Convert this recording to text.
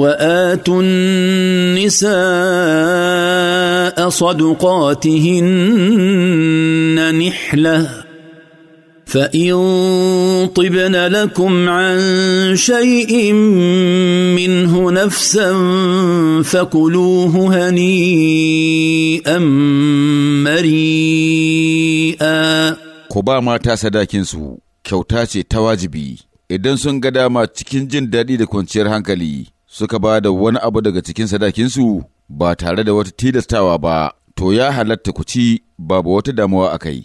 واتوا النساء صدقاتهن نحله فان طبن لكم عن شيء منه نفسا فكلوه هنيئا مريئا ku ba mata sadakinsu kyauta ce ta wajibi idan sun ga dama cikin jin daɗi da kwanciyar hankali suka ba da wani abu daga cikin sadakinsu ba tare da wata tilastawa ba, to ya halatta ku ci babu wata damuwa a kai.